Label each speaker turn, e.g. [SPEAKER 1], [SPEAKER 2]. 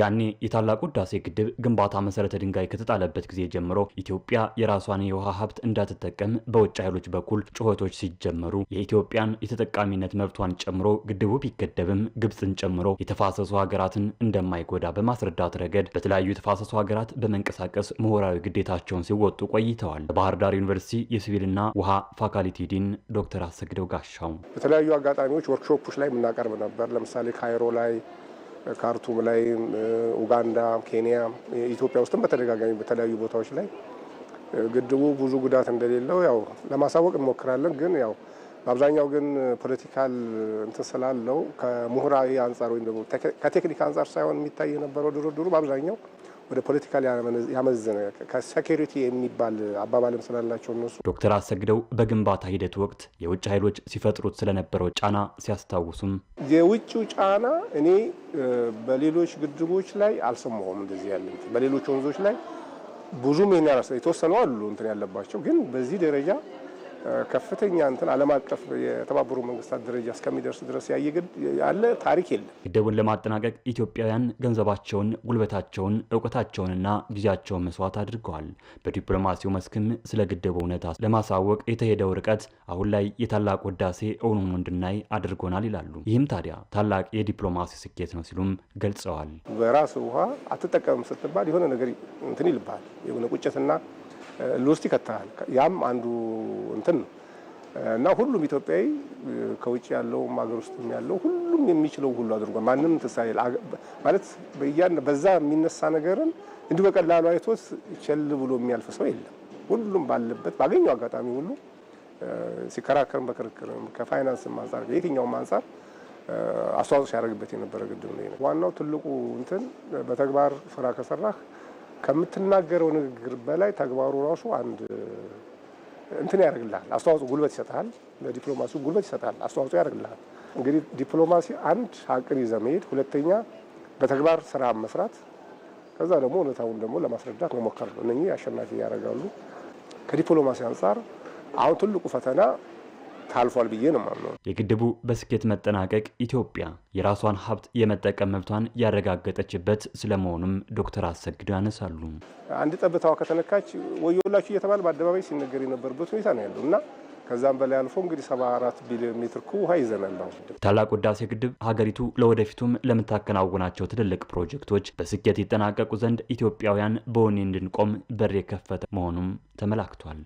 [SPEAKER 1] ያኔ የታላቁ ህዳሴ ግድብ ግንባታ መሰረተ ድንጋይ ከተጣለበት ጊዜ ጀምሮ ኢትዮጵያ የራሷን የውሃ ሀብት እንዳትጠቀም በውጭ ኃይሎች በኩል ጩኸቶች ሲጀመሩ የኢትዮጵያን የተጠቃሚነት መብቷን ጨምሮ ግድቡ ቢገደብም ግብፅን ጨምሮ የተፋሰሱ ሀገራትን እንደማይጎዳ በማስረዳት ረገድ በተለያዩ የተፋሰሱ ሀገራት በመንቀሳቀስ ምሁራዊ ግዴታቸውን ሲወጡ ቆይተዋል። በባህር ዳር ዩኒቨርሲቲ የሲቪልና ውሃ ፋካሊቲ ዲን ዶክተር አሰግደው ጋሻው
[SPEAKER 2] በተለያዩ አጋጣሚዎች ወርክሾፖች ላይ የምናቀርብ ነበር። ለምሳሌ ካይሮ ላይ ካርቱም ላይ፣ ኡጋንዳ፣ ኬንያ፣ ኢትዮጵያ ውስጥም በተደጋጋሚ በተለያዩ ቦታዎች ላይ ግድቡ ብዙ ጉዳት እንደሌለው ያው ለማሳወቅ እንሞክራለን። ግን ያው በአብዛኛው ግን ፖለቲካል እንትን ስላለው ከምሁራዊ አንጻር ወይም ደግሞ ከቴክኒክ አንጻር ሳይሆን የሚታይ የነበረው ድሮ ድሮ በአብዛኛው ወደ ፖለቲካ ያመዘነ ከሴኪሪቲ የሚባል አባባልም ስላላቸው እነሱ
[SPEAKER 1] ዶክተር አሰግደው በግንባታ ሂደት ወቅት የውጭ ኃይሎች ሲፈጥሩት ስለነበረው ጫና ሲያስታውሱም
[SPEAKER 2] የውጭው ጫና እኔ በሌሎች ግድቦች ላይ አልሰማሁም። እንደዚህ ያለ በሌሎች ወንዞች ላይ ብዙም ይሄን ያላሰ የተወሰኑ አሉ እንትን ያለባቸው ግን በዚህ ደረጃ ከፍተኛ እንትን ዓለም አቀፍ የተባበሩ መንግስታት ደረጃ እስከሚደርስ ድረስ ያለ ታሪክ የለም።
[SPEAKER 1] ግድቡን ለማጠናቀቅ ኢትዮጵያውያን ገንዘባቸውን፣ ጉልበታቸውን፣ እውቀታቸውንና ጊዜያቸውን መስዋዕት አድርገዋል። በዲፕሎማሲው መስክም ስለ ግድቡ እውነታ ለማሳወቅ የተሄደው ርቀት አሁን ላይ የታላቁ ህዳሴ እውን እንድናይ አድርጎናል ይላሉ። ይህም ታዲያ ታላቅ የዲፕሎማሲ ስኬት ነው ሲሉም ገልጸዋል።
[SPEAKER 2] በራስ ውሃ አትጠቀምም ስትባል የሆነ ነገር እንትን ይልባል የሆነ ቁጭትና ሉስት ይከተላል። ያም አንዱ እንትን ነው እና ሁሉም ኢትዮጵያዊ ከውጭ ያለውም ሀገር ውስጥ ያለው ሁሉም የሚችለው ሁሉ አድርጓል። ማንም ተሳይል ማለት በዛ የሚነሳ ነገርን እንዲሁ በቀላሉ አይቶት ቸል ብሎ የሚያልፍ ሰው የለም። ሁሉም ባለበት ባገኘው አጋጣሚ ሁሉ ሲከራከርም በክርክርም ከፋይናንስ አንጻር ከየትኛውም አንጻር አስተዋጽኦ ሲያደርግበት የነበረ ግድብ ነው። ዋናው ትልቁ እንትን በተግባር ስራ ከሰራህ ከምትናገረው ንግግር በላይ ተግባሩ ራሱ አንድ እንትን ያደርግልሃል፣ አስተዋጽኦ ጉልበት ይሰጥሃል። ለዲፕሎማሲ ጉልበት ይሰጥሃል፣ አስተዋጽኦ ያደርግልሃል። እንግዲህ ዲፕሎማሲ አንድ ሀቅን ይዘ መሄድ፣ ሁለተኛ በተግባር ስራ መስራት፣ ከዛ ደግሞ እውነታውን ደግሞ ለማስረዳት መሞከር ነው። እነኚህ አሸናፊ ያደርጋሉ። ከዲፕሎማሲ አንጻር አሁን ትልቁ ፈተና ታልፏል ብዬ ነው ማምነው።
[SPEAKER 1] የግድቡ በስኬት መጠናቀቅ ኢትዮጵያ የራሷን ሀብት የመጠቀም መብቷን ያረጋገጠችበት ስለመሆኑም ዶክተር አሰግድ ያነሳሉ።
[SPEAKER 2] አንድ ጠብታዋ ከተነካች ወዮላችሁ እየተባለ በአደባባይ ሲነገር የነበርበት ሁኔታ ነው ያለው እና ከዛም በላይ አልፎ እንግዲህ 74 ቢሊዮን ሜትር ኩብ ውሃ ይዘናል።
[SPEAKER 1] ታላቁ ህዳሴ ግድብ ሀገሪቱ ለወደፊቱም ለምታከናውናቸው ትልልቅ ፕሮጀክቶች በስኬት ይጠናቀቁ ዘንድ ኢትዮጵያውያን በወኔ እንድንቆም በር የከፈተ መሆኑም ተመላክቷል።